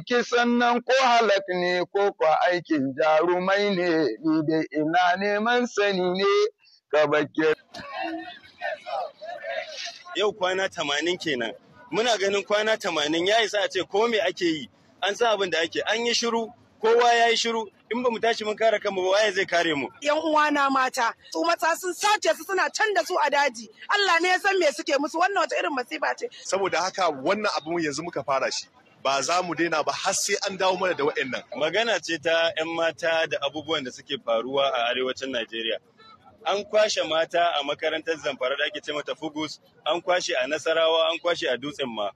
aiki sannan ko halak ne ko kwa aikin jarumai ne ni dai ina neman sani ne ka bakke. Yau kwana tamanin kenan muna ganin kwana tamanin ya isa a ce ko me ake yi an sa abin da ake an yi shiru kowa ya yi shiru in ba mu tashi mun kare kanmu ba waye zai kare mu yan uwana mata su mata sun sace su suna can da su a daji Allah ne ya san me suke musu wannan wata irin masifa ce saboda haka wannan abin yanzu muka fara shi ba za mu daina ba har sai an dawo mana da wa'annan. Magana ce ta 'yan mata da abubuwan da suke faruwa a arewacin Najeriya. An kwashe mata a makarantar zamfara da ake ce mata Fugus, an kwashe a Nasarawa, an kwashe a Dutsen ma.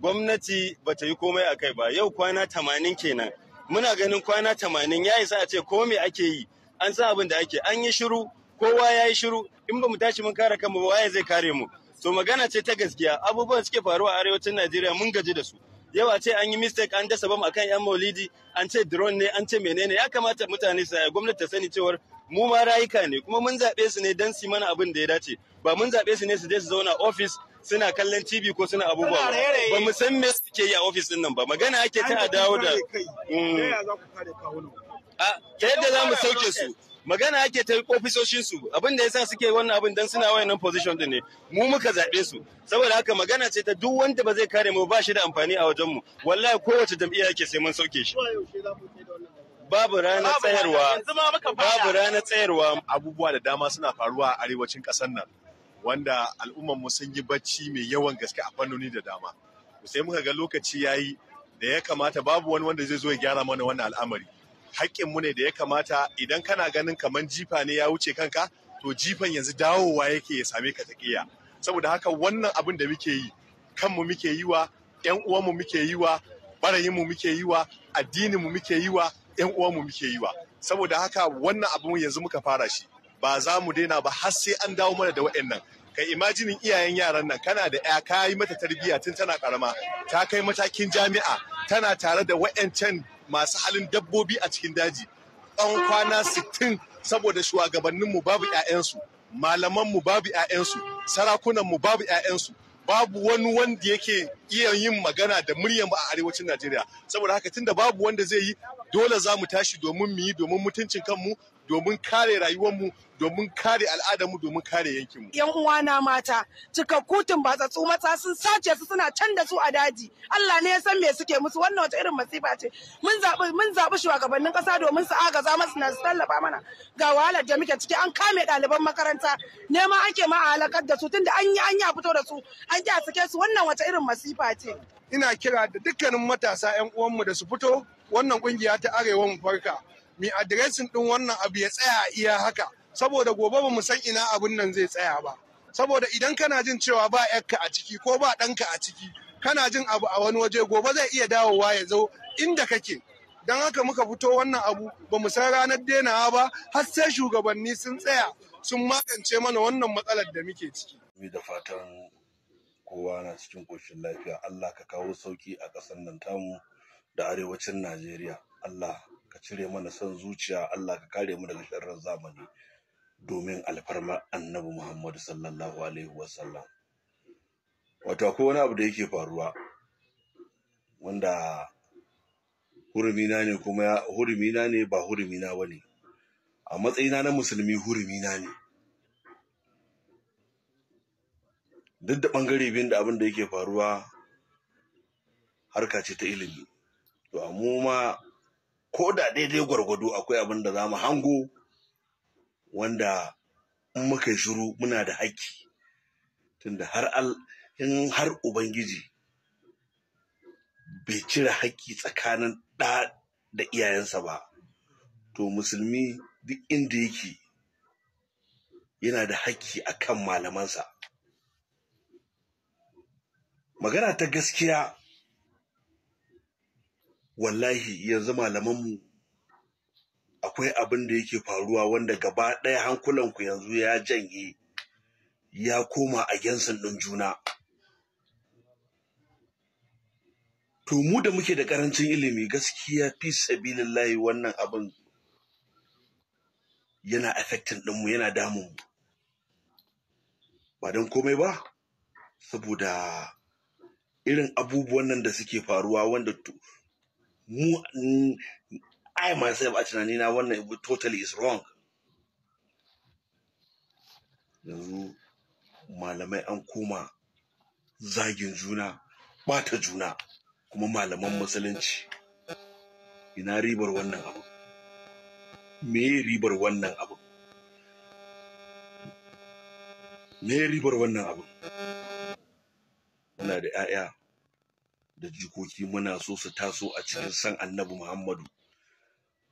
Gwamnati ba ta yi komai a kai ba, yau kwana tamanin kenan. Muna ganin kwana tamanin ya isa a ce ko me ake yi, an sa abin da ake, an yi shiru, kowa ya yi shiru, in ba mu tashi mun kare kanmu ba waye zai kare mu. To magana ce ta gaskiya, abubuwan suke faruwa a arewacin Najeriya mun gaji da su. yau a ce an yi mistake an dasa bamu akan yan maulidi an ce drone ne an ce menene ya kamata mutane su eh, gwamnati ta sani cewar mu ma rayuka ne kuma mun zaɓe su ne don su mana abin da ya dace ba mun zaɓe su ne su je su zauna ofis suna kallon TV ko suna abubuwa ba mu san me suke yi a ofis din nan ba magana ake ta a dawo da mm. a yadda za mu sauke su magana ake ta ofisoshin su abin da yasa suke wannan abin dan suna wayannan position din ne mu muka zabe su saboda haka magana ce ta duk wanda ba zai kare mu ba shi da amfani a wajen mu wallahi kowace jam'iyya yake sai mun sauke shi babu rana tsayarwa babu rana tsayarwa abubuwa da dama suna faruwa a arewacin kasar nan wanda al'umman mu sun yi bacci mai yawan gaske a fannoni da dama sai muka ga lokaci yayi da ya kamata babu wani wanda zai zo ya gyara mana wannan al'amari haƙƙinmu ne da ya kamata idan kana ganin kamar jifa ne ya wuce kanka to jifan yanzu dawowa yake ya same ka taƙiya saboda haka wannan abin da muke yi kanmu muke yi wa ƴan uwanmu muke yi wa barayinmu muke yi wa addininmu muke yi wa ƴan uwanmu muke yi wa saboda haka wannan abin yanzu muka fara shi ba za mu daina ba har sai an dawo mana da waɗannan kai imajinin iyayen yaran nan kana da ya kayi mata tarbiyya tun tana karama ta kai matakin jami'a tana tare da wayancan masu halin dabbobi a cikin daji tsawon kwana 60 saboda shugabanninmu babu 'ya'yansu malamanmu babu 'ya'yansu sarakunanmu babu 'ya'yansu babu wani wanda yake iya yin magana da muryan a arewacin Najeriya saboda haka tunda babu wanda zai yi dole za mu tashi domin mu yi domin mutuncin kanmu domin kare rayuwarmu domin kare al'adarmu domin kare yankinmu. Yan uwana mata cikakku tumbatsatsu mata sun sace su suna can da su a daji Allah ne ya san me suke musu wannan wata irin masifa ce mun zaɓi mun zaɓi shugabannin ƙasa domin su agaza masu na su tallafa mana ga wahalar da muke ciki an kame ɗaliban makaranta nema ake ma a halakar da su tunda an yi an ya fito da su an ƙi a sake su wannan wata irin masifa ce. Ina kira da dukkanin matasa 'yan uwanmu da su fito wannan kungiya ta arewa mu farka mai adiresin ɗin wannan abu ya tsaya iya haka saboda gobe ba mu san ina abun nan zai tsaya ba saboda idan kana jin cewa ba yakka a ciki ko ba ɗanka a ciki kana jin abu a wani waje gobe zai iya dawowa ya zo inda kake don haka muka fito wannan abu ba mu san ranar denawa ba har sai shugabanni sun tsaya sun magance mana wannan matsalar da muke ciki. da fatan kowa na cikin koshin lafiya Allah ka kawo sauki a ƙasar nan tamu da arewacin Najeriya Allah ka cire mana son zuciya Allah ka kare mu daga sharrin zamani domin alfarma annabi Muhammadu sallallahu alaihi sallam wato akwai wani abu da yake faruwa wanda hurumina ne kuma hurumina ne ba hurumina bane a matsayina na musulmi hurumina ne duk da bangare biyun da abin da yake faruwa harka ce ta ilimi to amma ko da daidai gwargwado akwai abin da za mu hango wanda in muka shiru muna da haƙƙi tunda har al in har ubangiji bai cire haƙƙi tsakanin ɗa da iyayensa ba to musulmi duk inda yake yana da haƙƙi akan malamansa magana ta gaskiya wallahi yanzu malamanmu akwai abin da yake faruwa wanda gaba ɗaya hankulanku yanzu ya janye ya koma a gensan ɗin juna. To mu da muke da ƙarancin ilimi gaskiya fi layi wannan abin yana affecting ɗinmu yana damun ba don komai ba saboda irin abubuwan nan da suke faruwa wanda mu mm, I myself a tunanina wannan totally is wrong yanzu malamai an koma zagin juna bata juna kuma malaman musulunci ina ribar wannan abu me ribar wannan abu me ribar wannan abu Ina da 'ya'ya da jikoki muna so su taso a cikin san annabi Muhammadu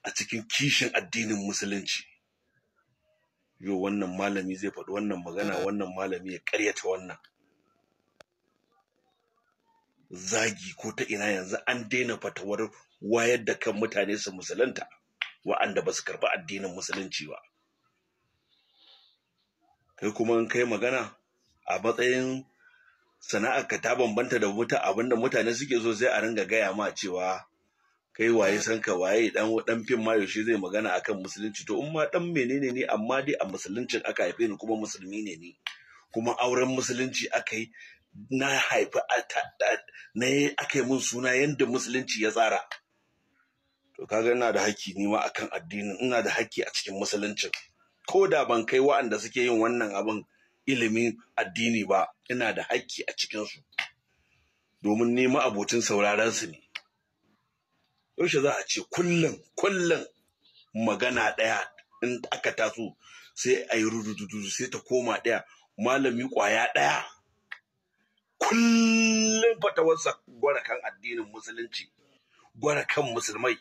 a cikin kishin addinin musulunci yo wannan malami zai faɗi wannan magana wannan malami ya ƙaryata wannan zagi ko ta ina yanzu an daina fatawar wayar da kan mutane su musulunta wa'anda ba su karɓi addinin musulunci ba kai kuma in kai magana a matsayin sana'ar ka ta bambanta da wuta abinda mutane suke so sai a ringa gaya ma cewa kai waye san ka waye dan dan fim ma yaushe zai magana akan musulunci to in ma dan menene ne amma dai a musuluncin aka haife ni kuma musulmi ne ni kuma auren musulunci aka yi na haifi na aka yi mun suna yadda musulunci ya tsara to kaga ina da haƙƙi ni ma akan addinin ina da haƙƙi a cikin musuluncin ko da ban kai wa'anda suke yin wannan abin ilimin addini ba ina da haƙƙi a cikinsu domin nema abocin sauraron su ne yaushe za a ce kullum kullum magana ɗaya in aka taso sai a yi rudududu sai ta koma ɗaya malami ƙwaya ɗaya kullum fatawarsa gwara kan addinin musulunci gwara kan musulmai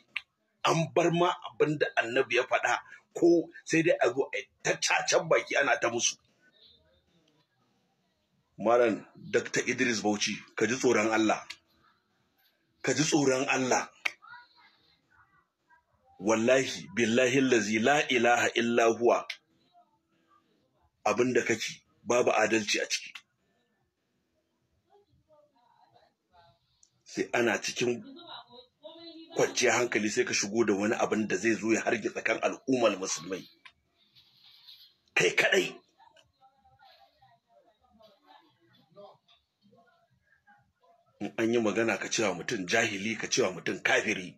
an bar ma abinda annabi ya faɗa ko sai dai a zo a ta baki ana ta musu malam Dr. Idris Bauchi ka ji tsoron Allah ka ji tsoron Allah wallahi billahi lazi, la ilaha illa huwa abinda kake babu adalci a ciki sai ana cikin kwanciya hankali sai ka shigo da wani abin da zai zo ya hargitsa kan al'ummar musulmai kai kaɗai. in an yi magana ka cewa mutum jahili ka cewa mutum kafiri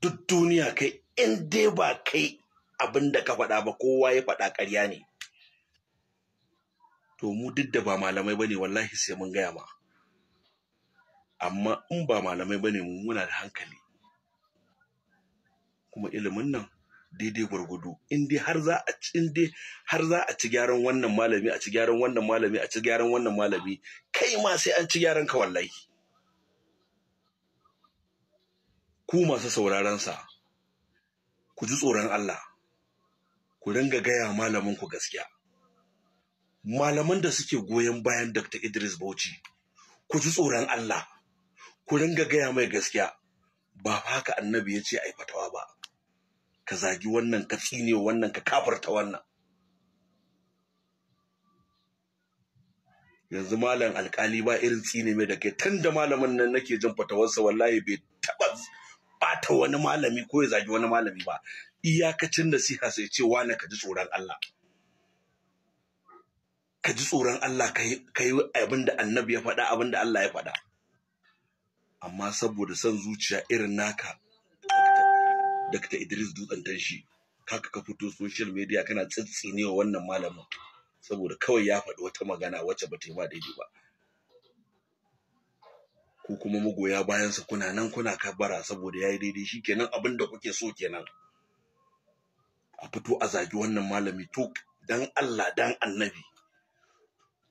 duk duniya kai in dai ba kai abin da ka faɗa ba kowa ya faɗa ƙarya ne to mu duk da ba malamai bane wallahi sai mun gaya ma amma in ba malamai bane mu muna da hankali kuma ilimin nan daidai gwargwado in dai har za a in dai har za a ci gyaran wannan malami a ci gyaran wannan malami a ci gyaran wannan malami kai ma sai an ci gyaran ka wallahi ku masu sauraron sa ku ji tsoron Allah ku ringa gaya malamin ku gaskiya malaman da suke goyon bayan Dr. Idris Bauchi ku ji tsoron Allah ku ringa gaya mai gaskiya ba haka annabi ya ce ai fatawa ba ka zagi wannan ka tsine wannan ka kafarta wannan yanzu malam alkali ba irin tsine mai da kai tun da malamin nan nake jin fatawarsa wallahi bai taba bata wani malami ko ya zagi wani malami ba iyakacin nasiha sai ce wane ka ji tsoron Allah ka ji tsoron Allah ka yi abin da annabi ya faɗa abin da Allah ya faɗa amma saboda son zuciya irin naka Dr. Idris Dutsen Tanshi kaka ka fito social media kana tsitsinewa wannan malamin saboda kawai ya faɗi wata magana wacce ba ta yi ba daidai ba ko kuma magoya bayansa kuna nan kuna kabara saboda ya yi daidai shi kenan abin da kuke so kenan a fito a zagi wannan malami to dan Allah dan annabi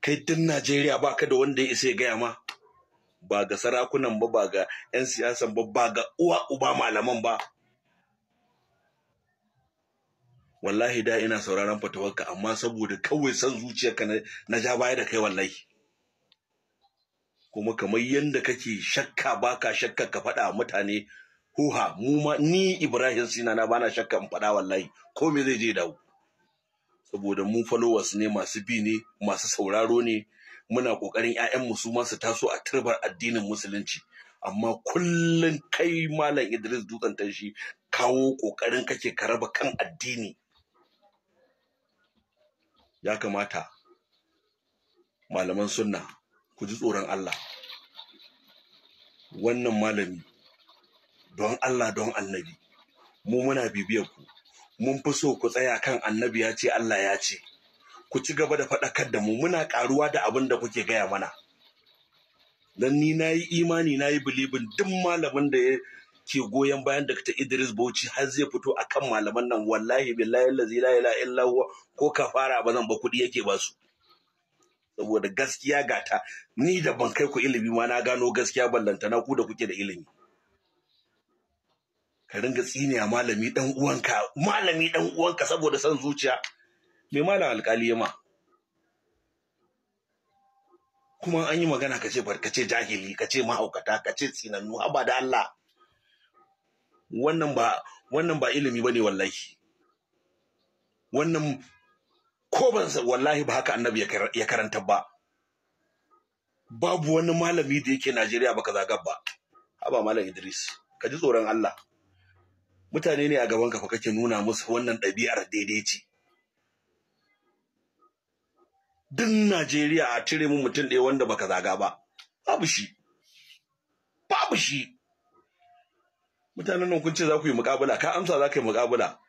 kai tun Najeriya ba ka da wanda ya isa ya gaya ma ba ga sarakunan ba ba ga 'yan siyasan ba ba ga uwa uba malaman ba wallahi da ina sauraron fatawarka amma saboda kawai san zuciyarka na ja baya da kai wallahi kuma kamar yadda kake shakka baka shakka ka faɗa mutane huha mu ma ni Ibrahim Sina na bana shakka in faɗa wallahi ko me zai je dawo saboda mu followers ne masu bi ne masu sauraro ne muna kokarin ƴaƴan su ma su taso a turbar addinin musulunci amma kullum kai malam Idris dutsen tashi kawo kokarin kake ka raba kan addini ya kamata malaman sunna ku ji tsoron Allah wannan malami don Allah don annabi mu muna bibiyar ku mun fi so ku tsaya kan annabi ya ce Allah ya ce ku ci gaba da faɗakar da mu muna ƙaruwa da abin da kuke gaya mana don ni na yi imani na yi bilibin duk malamin da ya ke goyon bayan Dr. Idris Bauchi har zai fito akan malaman nan wallahi billahi allazi la ilaha illa ko kafara ba zan ba kuɗi yake ba su saboda gaskiya gata ni da ban kai ku ilimi ma na gano gaskiya ballanta na ku da kuke da ilimi ka ringa tsiniya malami dan uwanka malami dan uwanka saboda san zuciya me malam alkali ma kuma an yi magana ka ce barkace jahili kace mahaukata kace ce tsinannu haba da Allah wannan ba wannan ba ilimi bane wallahi wannan ko ban wallahi ba haka annabi ya karanta ba babu wani malami da yake Najeriya baka zaga ba haba malam Idris ka ji tsoron Allah mutane ne a gaban ka fa kake nuna musu wannan ɗabi'ar daidai ce din Najeriya a cire mu mutum ɗaya wanda baka zaga ba babu shi babu shi mutanen nan kun ce za ku yi mukabula ka amsa za ka yi ba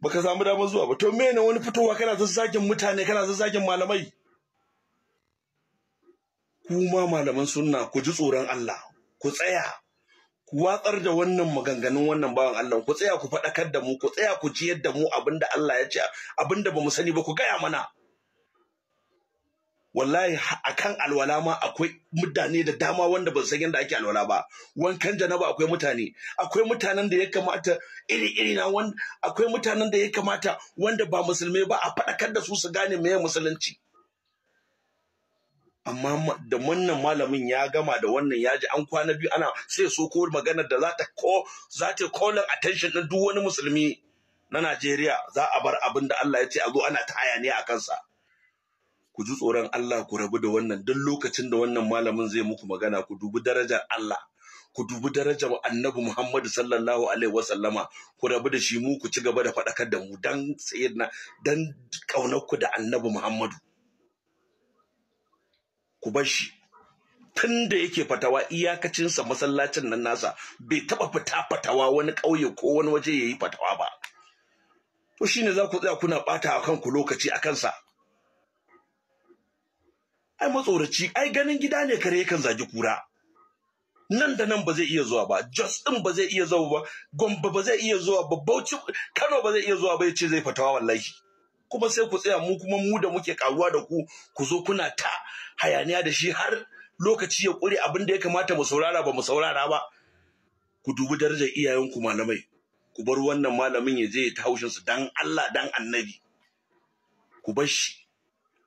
baka samu damar zuwa ba to ne wani fitowa kana zazzagin mutane kana zazzagin malamai Ku ma malaman sunna ku ji tsoron Allah ku tsaya ku watsar da wannan maganganun wannan bawan Allah ku tsaya ku faɗakar da mu ku tsaya ku ciyar da mu abinda Allah ya ce abinda bamu sani ba ku gaya mana wallahi akan alwala ma akwai mutane da dama wanda ba san yadda ake alwala ba wankan janaba akwai mutane akwai mutanen da ya kamata iri iri na wanda akwai mutanen da ya kamata wanda ba musulmai ba a faɗakar da su su gane meye musulunci amma da wannan malamin ya gama da wannan yaji, an kwana biyu ana sai so ko maganar da za ta ko za ta attention din duk wani musulmi na Najeriya za a bar abin da Allah ya ce a zo ana ta a kansa ku ji tsoron Allah ku rabu da wannan duk lokacin da wannan malamin zai muku magana ku dubi darajar Allah ku dubi darajar annabi Muhammadu sallallahu alaihi wasallama ku rabu da shi mu ku ci gaba da faɗakar da mu dan sayyidina dan kaunar ku da annabi Muhammadu ku bar shi tun da yake fatawa iyakacinsa masallacin nan nasa bai taɓa fita fatawa wani kauye ko wani waje yayi fatawa ba. To shi za ku tsaya kuna bata a kanku lokaci a kansa. ai matsoraci ai ganin gida ne kare yakan zagi kura nan da nan ba zai iya zuwa ba jos din ba zai iya zuwa ba gombe ba zai iya zuwa ba bauchi kano ba zai iya zuwa ba yace zai fatawa wallahi kuma sai ku tsaya mu kuma mu da muke karuwa da ku ku zo kuna ta hayaniya da shi har lokaci ya kure abin da ya kamata mu saurara ba mu saurara ba ku dubi darajar iyayenku malamai ku bar wannan malamin ya je ya ta haushinsu dan Allah dan annabi ku bar shi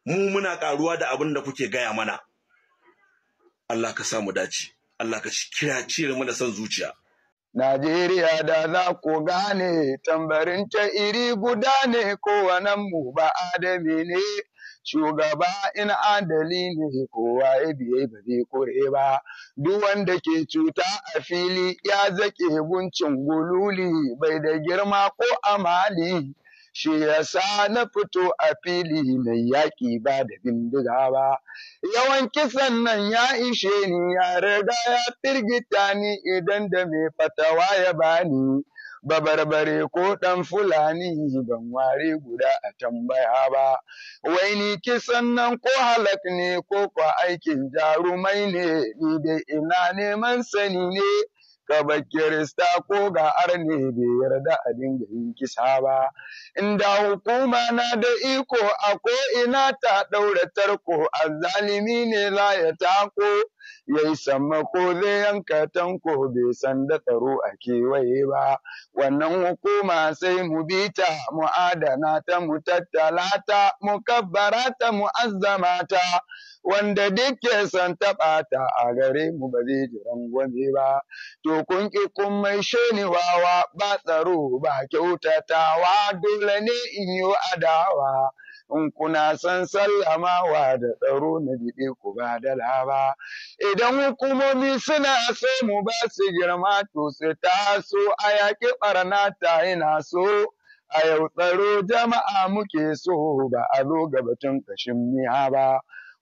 mu muna karuwa da abin da kuke gaya mana Allah ka samu dace Allah ka kira cire mana son zuciya Najeriya da za ku gane tambarin ta iri guda ne kowanan mu ba adami ne shugaba in adali ne kowa ya biye ba zai kore ba duk wanda ke cuta a fili ya zake guncin gululi bai da girma ko amali shi yasa na fito a fili mai yaƙi ba da bindiga ba. Yawan kisan nan ya ishe ni ya riga ya firgita ni idan da mai fatawa ya bani. barbare ko ɗan Fulani ban ware guda a tambaya ba, wai ni kisan nan ko halak ne ko kwa aikin jarumai ne, ni dai ina neman sani ne. gaba bakirista ko ga arne bai yarda a dinga yin kisa ba inda hukuma na da iko a ko ina ta ɗaura tarko azzalimi ne la ya tako yi sama ko zai yanka tanko bai san da tsaro a kewaye ba wannan hukuma sai mu bi ta mu adana ta mu tattala ta mu kabbara ta mu azzama ta wanda duk ke taɓa ta a gare mu ba zai ji rangwame ba to kun ƙi kun mai shani wawa ba tsaro ba kyautatawa dole ne in yi adawa in kuna son sallamawa da tsaro na biɗe ku ba da laba. Idan hukumomi suna so mu ba su girma to su taso a yaƙi ɓarna ta ina so. A yau tsaro jama'a muke so ba a zo gabatun kashin miya ba.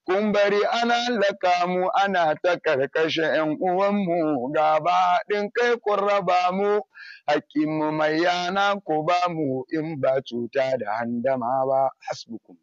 kun bari ana laka mu ana ta karkashin ‘yan uwanmu gaba haɗin kai kun raba mu, hakimu mai yana ku ba mu in ba cuta da handama ba, hasbukum.